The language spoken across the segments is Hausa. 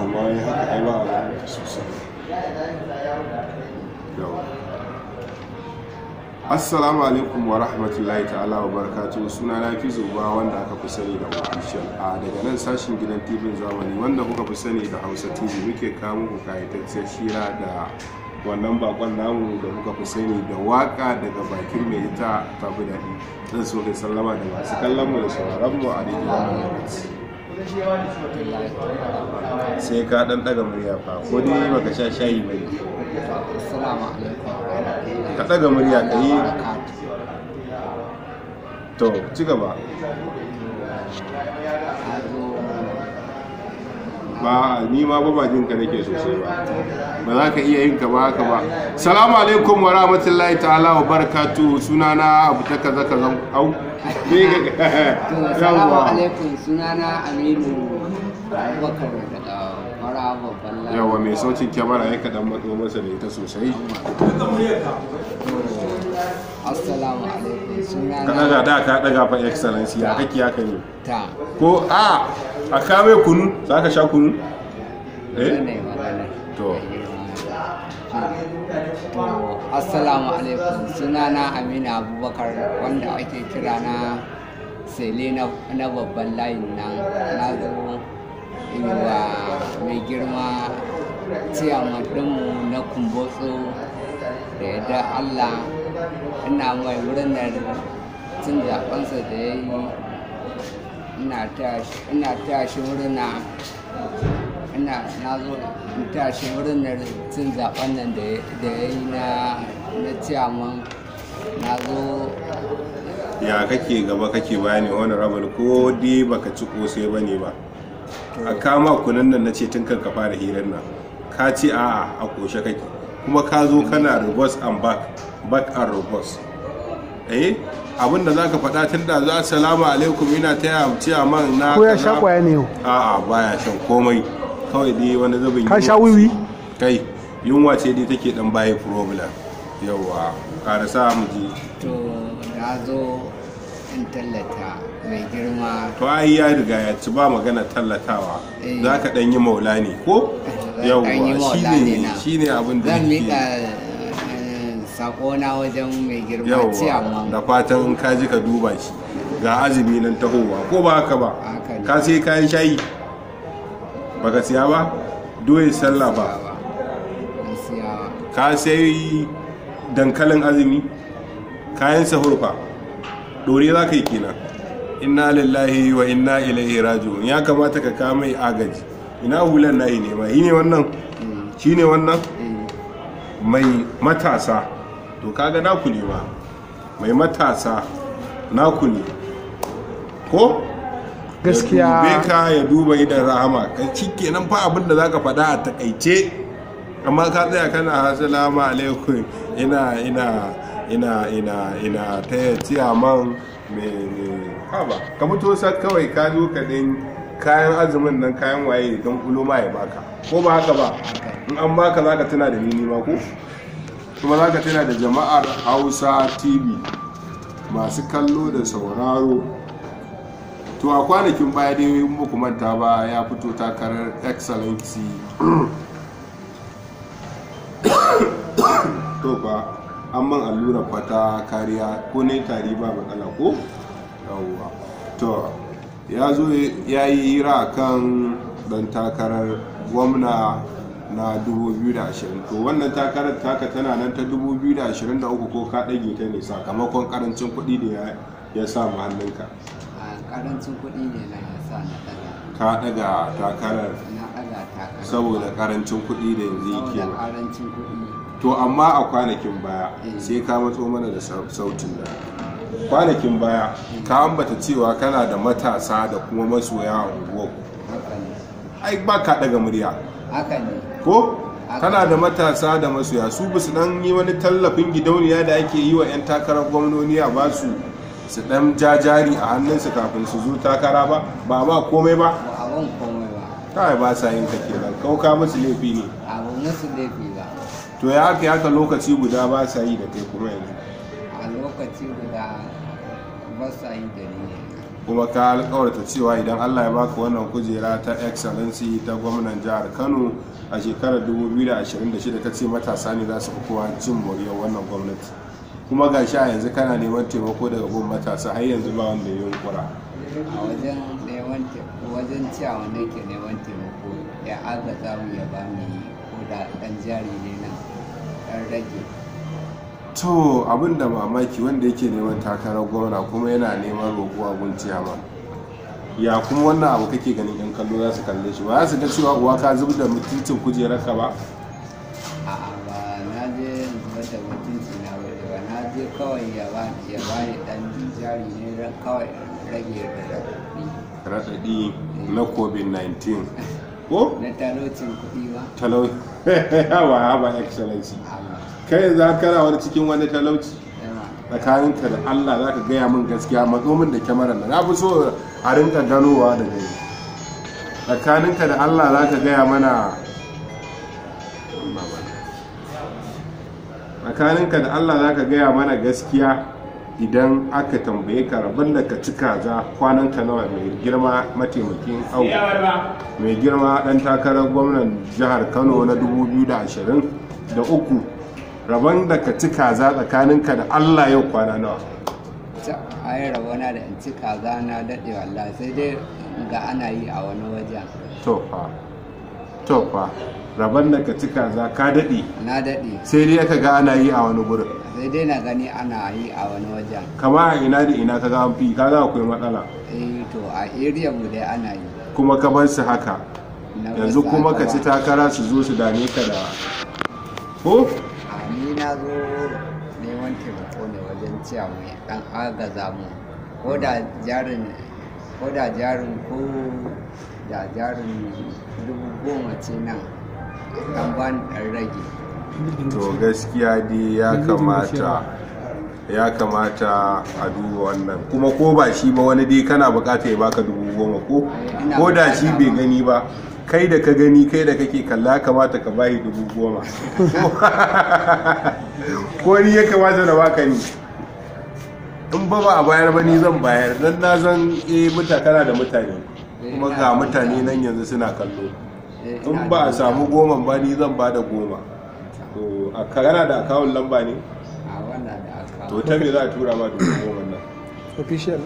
amma ya haka ai ba a sosai assalamu alaikum wa rahmatullahi ta'ala wa barakatuh suna na fi zuba wanda aka fi sani da official a daga nan sashin gidan tv zamani wanda kuka fi sani da hausa tv muke kamo muku kayataccen shira da wannan bakon namu da kuka fi sani da waka daga bakin mai ita tafi daɗi zan so kai sallama da masu kallon mu da sauraron mu a daidai sai ka dan daga murya fa ko ne baka sha shayi bai ka daga murya ka yi to ci gaba ba ni ma ba bajin ka nake sosai ba ba za ka iya yin ka ba haka ba salamu alaikum wa rahmatullahi ta'ala wa barakatuhu sunana abu ta kaza kazan au Salamu alaikum sunana Aminu Abubakar daga Mara Babban Yawa mai saucin kyamara ya kaɗan matso masa da ita sosai. Assalamu alaikum sunana. da ka ɗaga fa excellency ya kake ya kan Ta. Ko a a kame kunu za ka sha kunu? Eh? To. assalamu alaikum sunana Aminu abubakar wanda ake kira na sele na babban layin nan na zo wa mai girma ciyaman ɗinmu na kumbotso da yadda allah ina mai murnar cin zaɓensa da ya yi ina ta shi na. ina na zo tashi wurin da cin zaben nan da ya yi na ciyaman na zo ya kake gaba kake bayani rabar ko di baka ci kosai ba ne ba a kama kunan nan na ce tun kan ka fara hirar nan ka ce a'a a koshe kake kuma ka zo kana reverse and back back and reverse eh abin da zaka faɗa tun da za salamu alaikum ina a man na ko ya sha kwaya ne a'a baya shan komai kawai dai wani zubin ka sha wiwi kai yunwa ce dai take dan baye problem yawa sa mu ji to na zo in tallata mai girma to ai ya riga ya ci ba magana tallatawa eh. za ka dan yi maula ne ko yawa shi ne abin da zan mika eh, sako na wajen mai girma amma da fatan in ka ji ka duba shi ga azumi nan tahowa ko ba haka ba ka sai kayan shayi baka siya ba doye sallah ba ka sai dankalin azumi kayan sahurfa dore za ka yi kenan inna lillahi wa inna ilaihi raji'un ya kamata ka kama yi agaji ina hulan na yi nema yi ne wannan shi ne wannan mm. mm. mai matasa to kaga naku ne ma mai matasa naku ne ko gaskiya ya ka ya duba idan rahama kan nan fa abin da zaka faɗa a takaice amma ka tsaya kana assalamu alaikum ina ina ina ina ina ta tiya man me haba ka mutu sa kawai ka zo ka kayan azumin nan kayan waye don kulo ya baka ko ba haka ba in an baka zaka tuna da ni ma ko kuma zaka tuna da jama'ar Hausa TV masu kallo da sauraro to a kwanakin baya dai muku manta ba ya fito takarar excellency to ba an man allura fata kariya ko ne tari ba matsala ko yawwa to ya zo ya yi hira kan dan takarar gwamna na 2020 to wannan takarar taka tana nan ta 2023 ko ka ɗage ta ne sakamakon karancin kuɗi da ya samu hannunka karancin kuɗi ne na yasa na daga ka ɗaga takarar na daga takarar saboda karancin kuɗi da yanzu yake saboda karancin kuɗi to amma a kwanakin baya eh. sai ka matso mana da sautin da kwanakin baya ka ambata cewa kana da matasa da kuma masoya a unguwar ai ba ka daga murya haka ne ko kana da matasa da masoya su bisu dan yi wani tallafin gidauniya da ake yi wa 'yan takarar gwamnoni a basu su dan jajari a hannunsu kafin su zo takara ba ba ma komai ba abin komai ba kawai ba sa yin ta kenan kauka musu laifi ne abin musu laifi ba to ya haka haka lokaci guda ba sa yi da kai kuma yanzu a lokaci guda ba sa yi da ni kuma ka alkawarta cewa idan allah ya baka wannan kujera ta excellency ta gwamnan jihar kano a shekarar 2026 ta ce matasa ne za su fi kowa cin moriyar wannan gwamnati kuma ga sha yanzu kana neman taimako daga gun matasa har yanzu ba wanda ya yunkura a wajen neman wajen cewa ke neman taimako ya aga za mu ya ba mu ko da ɗan jari ne na ɗan rage to abin da mamaki wanda yake neman takarar gwamna kuma yana neman roƙo a gun ciyama ya kuma wannan abu kake ganin yan kallo za su kalle shi ba za su ga cewa uwa ka zubar da mutuncin kujerarka ba ya bani dan jari ne don kawai rage raɗaɗi na covid-19 ko? na talaucin kuɗi ba talauci hawa hawa excellency kai za ka rawar cikin wani talauci tsakaninka da allah za ka gaya min gaskiya matsomin da kyamarar da na fi so a rinka ganowa da gani tsakaninka da allah za ka gaya mana tsakaninka da allah za ka gaya mana gaskiya idan aka tambaye ka rabin da ka ci kaza kwanan ka nawa mai girma mataimakin au mai girma dan takarar gwamnan jihar kano na 2020 da uku rabon da ka ci kaza tsakanin ka da allah yau kwana nawa ai rabona da in ci kaza na daɗe walla sai dai ga ana yi a wani wajen tofa tofa rabon da ka ci kaza ka daɗe na daɗe sai dai aka ga ana yi a wani gurin sai dai na gani ana yi a wani wajen kama a ina da ina kaga an ka ga akwai matsala eh to a area mu dai ana yi kuma ka bar su haka yanzu kuma ka ci takara su zo su dame ka da ko a ni na zo neman taimako ne wajen ciya mu dan agaza mu ko da jarin ko da jarin ko da jarin dubu goma ce nan dan ban ɗan rage to gaskiya dai ya kamata ya kamata a duba wannan kuma ko ba shi ba wani dai kana bukata ya baka dubu goma ko ko da shi bai gani ba kai da ka gani kai da kake kalla kamata ka bayi dubu goma ko ni ya kamata na baka ni in ba ba a bayar ba ni zan bayar dan na zan eh mutakana da mutane kuma ga mutane nan yanzu suna kallo eh, in ba a samu goma ba ni zan ba da goma ka gana da akawun lamba ne a wanda da akawun to ta me za a tura ma dubu goma nan official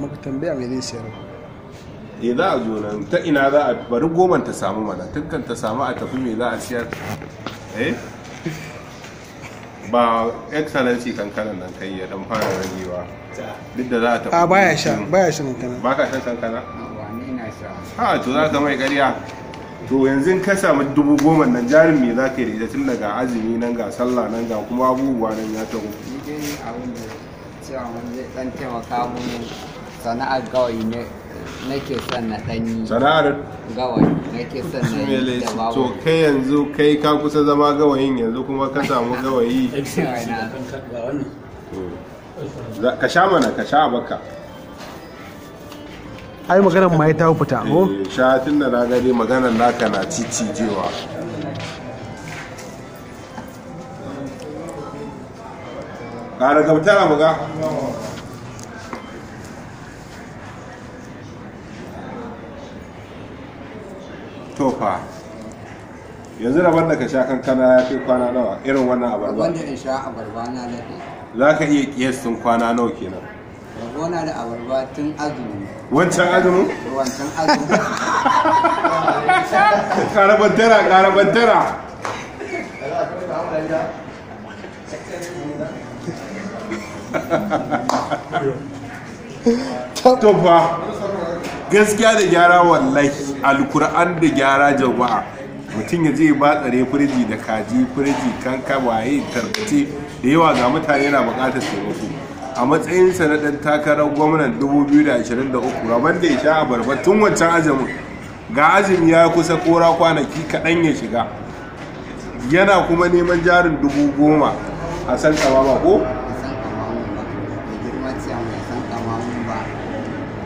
maka tambaya me zai sayar eh za a zo nan ta ina za a bari goman ta samu mana tukkan ta samu a tafi me za a siyar eh ba excellency kankanan nan kai ya dan fara ragewa duk da za a tafi a baya sha baya shan kankana ba ka shan kankana na sha ha to za ka mai ƙarya to yanzu ka samu dubu goma nan jarin me za ka yi da tun daga azumi nan ga sallah nan ga kuma abubuwa nan ya taho ni dai abin da cewa mun zai dan taimaka mun sana'ar gawayi ne nake son na dan yi sana'ar gawayi nake son na yi da babu to kai yanzu kai ka kusa zama gawayin yanzu kuma ka samu gawayi ka sha mana ka sha baka ai maganar ma ya ta fita ko eh, shatin da na gani maganar naka na cicijewa ƙara gabata na buga tofa yanzu da wanda ka sha kankana ya fi kwana nawa irin wannan abarba wanda in sha abarba na lafi za ka iya sun kwana nawa kenan rabona da abarba tun azumi wancan azumin? wancan azumin karabar karabantara to ba gaskiya da gyara wallahi alkur'an da gyara jama'a mutum ya je ba tsare firiji da kaji firiji kanka waye tarkace da yawa ga mutane na bukatar taimako a matsayinsa na ɗan takarar gwamnan 2023 rabon da ya sha a barba tun wancan azumin ga azumi ya kusa kora kwanaki kaɗan ya shiga yana kuma neman jarin dubu goma a san kamama ko?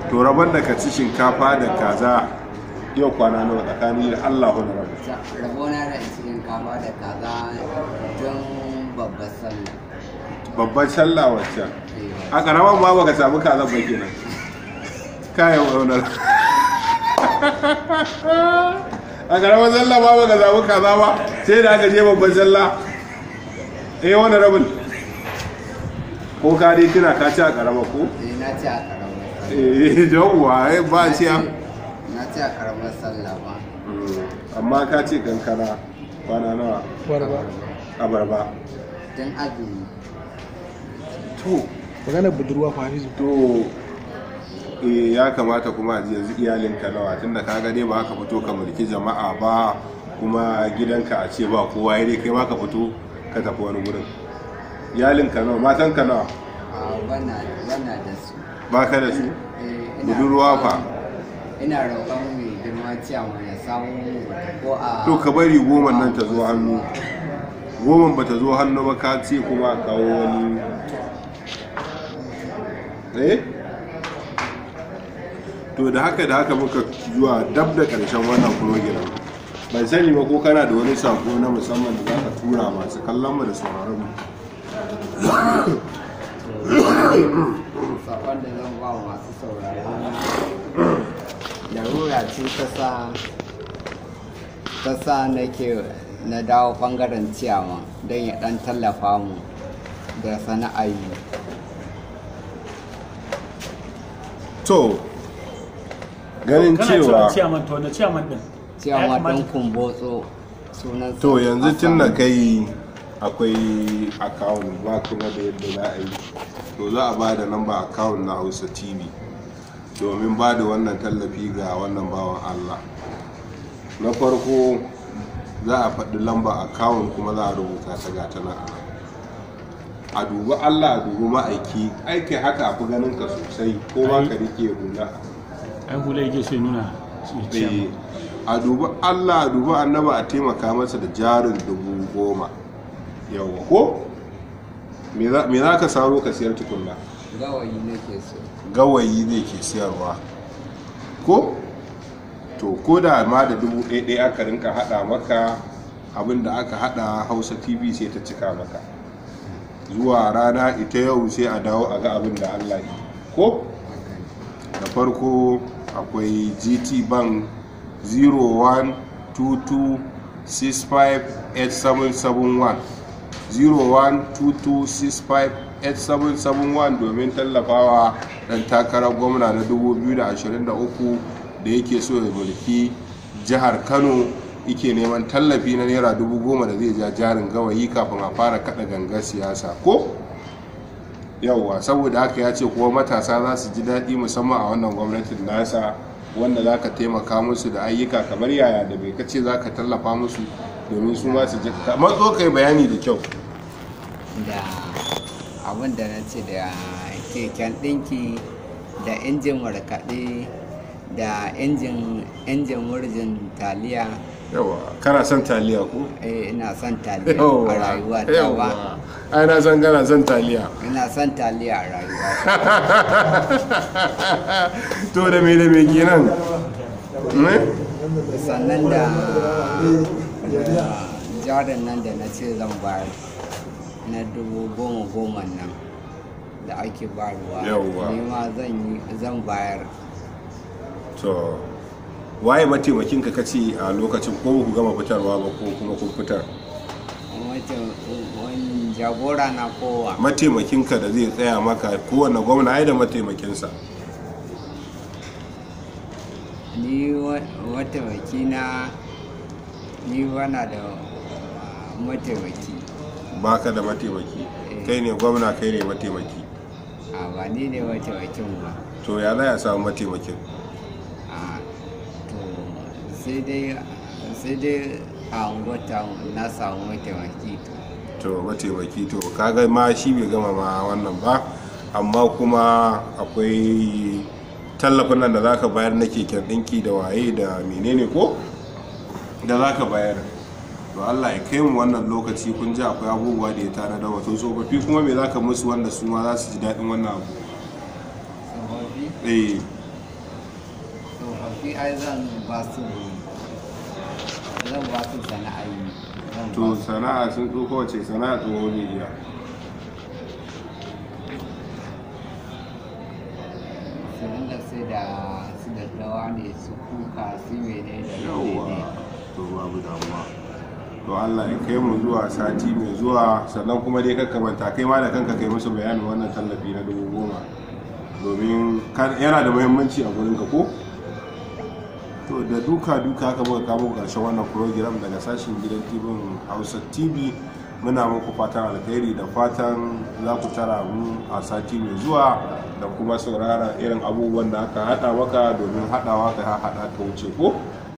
to rabon da ka ci shinkafa da kaza yau kwana nawa tsakani da allahu na rabu rabona da shinkafa da kaza don babbar sallah babbar sallah wacce a karaman ba ka samu kazan ba kenan kayan waunar a karaman zalla ba ka samu kaza ba sai da aka je babban zalla eh wani rabin ko ka dai ka ci a karama ko eh na ci a karama eh jawwa eh ba ci a na ci a karamar sallah ba mm, amma ka ci kankana kwana nawa abarba tun azumi to magana budurwa fa Hafizu to eh ya kamata kuma yanzu iyalinka nawa tunda ka ga dai ba ka fito ka mulki jama'a ba kuma gidanka a ce ba kowa ya dai kai ma ka fito ka tafi wani gurin iyalinka nawa ka nawa da su ba ka da su eh, budurwa fa ina roƙon mai girma ciyawa ya samu ko a to ka bari goma nan ta zo hannu goma ba ta zo hannu ba ka ce kuma kawo wani eh to da haka da haka muka zuwa dab da karshen wannan program bai sani ba ko kana da wani sako na musamman da za ka tura masu kallon mu da sauraron mu sakon da zan ba masu sauraron larura ce ta sa na dawo bangaren ciyawa don ya dan tallafa mu da sana'ayi to ganin cewa to yanzu tun na kai akwai akawun ba kuma da yadda za a yi to za a ba da lamba akawun na Hausa TV domin ba da wannan tallafi ga wannan bawan Allah na farko za a faɗi lamba akawun kuma za a rubuta ta ga tana a a dubi Allah a dubi ma'aiki aiki haka a fi ganin ka sosai ko ma ka rike hula ai hula yake sai nuna eh, a dubi Allah a dubi annaba a taimaka masa da jarin dubu goma yawa ko me za ka saro ka siyar tukunna gawayi ne ke siyarwa ko to ko da ma da dubu ɗaya aka rinka haɗa maka abinda aka haɗa hausa tv sai ta cika maka zuwa rana ita yau sai a dawo a ga abin da allah yi ko da farko akwai gt bank 0122658771 0122658771 domin tallafawa dan takarar gwamna na 2023 da yake so ya mulki jihar kano yake neman tallafi na naira dubu goma da zai ja jarin gawayi kafin a fara kada gangar siyasa ko yauwa saboda haka ya ce kuma matasa za su ji daɗi musamman a wannan gwamnatin nasa wanda za ka taimaka musu da ayyuka kamar yaya da bai kace za ka tallafa musu domin su ma su ji matso kai bayani da kyau da abin da na ce da keken ɗinki da injin warkaɗe da injin wurjin taliya yawa kana son taliya ko eh ina son taliya a rayuwa ta ba ai na san gana son taliya ina son taliya a rayuwa to da me da me kenan hmm? sannan da jarin nan da na ce zan bayar na dubu goma goma nan da ake bayarwa ni ma zan bayar to waye mataimakin ka kace a lokacin ko ku gama fitarwa ba ko kuma kun fitar jagora na kowa mataimakin ka da zai tsaya maka kowane gwamna ai da mataimakinsa ni mataimaki na ni wana da mataimaki ba ka da mataimaki eh. kai ne gwamna kai ne mataimaki a ba ni ne mataimakin ba to ya za ya samu mataimakin sai dai a unguwata na samu mataimaki to mataimaki to kaga ma shi bai gama ma wannan ba amma kuma akwai tallafin nan da za ka bayar na keken ɗinki da waye da menene ko da za ka bayar to Allah ya kai mu wannan lokaci kun ji akwai abubuwa da ya tare da wato tsofaffi kuma me za ka musu wanda su ma za su ji daɗin wannan abu tsofaffi eh. ai zan ba su zan ba su sana'a yi to sana'a sun tsoho ce, sana'a tsoho ne iya sanin da sai da su daddawa ne su kuka su mene da yawa to babu damuwa to Allah ya kai mu zuwa sati mai zuwa sannan kuma dai kakka manta kai ma da kanka kai musu bayanin wannan tallafi na dubu goma domin yana da muhimmanci a gurinka ko to da duka duka aka buga kamo karshen wannan program daga sashen gidan tv hausa tv muna muku fatan alkhairi da fatan za ku tara mu a sati mai zuwa da kuma saurara irin abubuwan da aka hada maka domin hadawa ka hada ka wuce ko